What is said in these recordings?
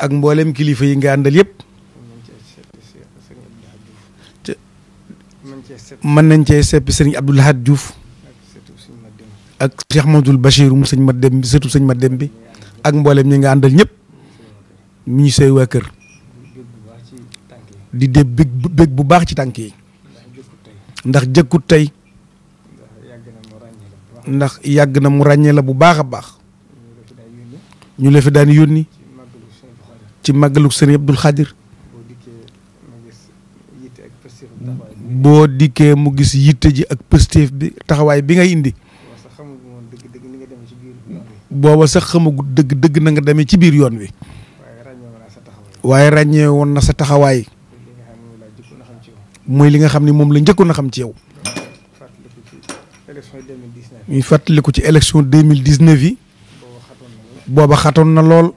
ak mbooleem kilifa yi nga àndal yépp mën nañ cee seppi sëriñ Abdou Lahad juuf ak Cheikh Mamadou Bachir mu sëñ ma dem bi sëñ ma dem bi ak mbooleem yi nga àndal ñëpp ñu ngi sey waa kër di dee bég bu baax ci tànk yi ndax jëkkut tey ndax yàgg na mu ràññee la bu baax a baax ñu la fi daan yónni. ci màggalu sëriñ Abdul Xaadir boo dikkee mu gis yitte ji ak pëstéef bi taxawaay bi ngay indi booba sax xamagut dëgg dëgg na nga demee ci biir yoon wi waaye ràññee woon na sa taxawaay mooy li nga xam ne moom la njëkkoon a xam ci yow ñuy fàttaliku ci mille élection 2019 yi booba xatoon na lool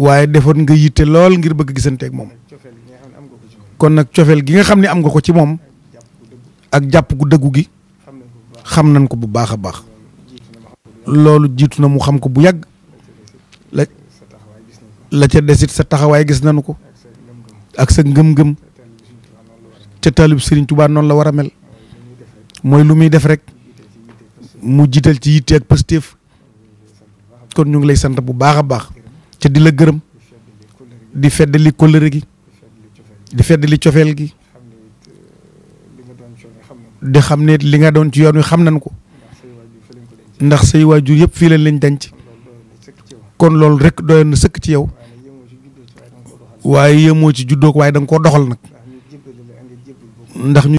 waaye defoon nga yitte lool ngir bëgg gisanteek moom kon nag cofeel gi nga xam ne am nga ko ci moom ak jàpp gu dëggu gi xam nañ ko bu baax a baax loolu jiitu na mu xam ko bu yàgg la ca desit sa taxawaay gis nañu ko ak sa ngëm-ngëm ca taalib Serigne Touba noonu la war a mel mooy lu muy def rek mu jiital ci yitte ak pëstéef kon ñu ngi lay sant bu baax a baax. ca di la gërëm di fedd li kóllëre gi di fedd li cofeel gi di xam ne li nga doon ci yoon wi xam nañ ko ndax say waajur yëpp fii lañ lañ denc kon loolu rek doyoon na sëkk ci yow waaye yéemoo ci juddoo ko waaye da nga koo doxal nag ndax ñu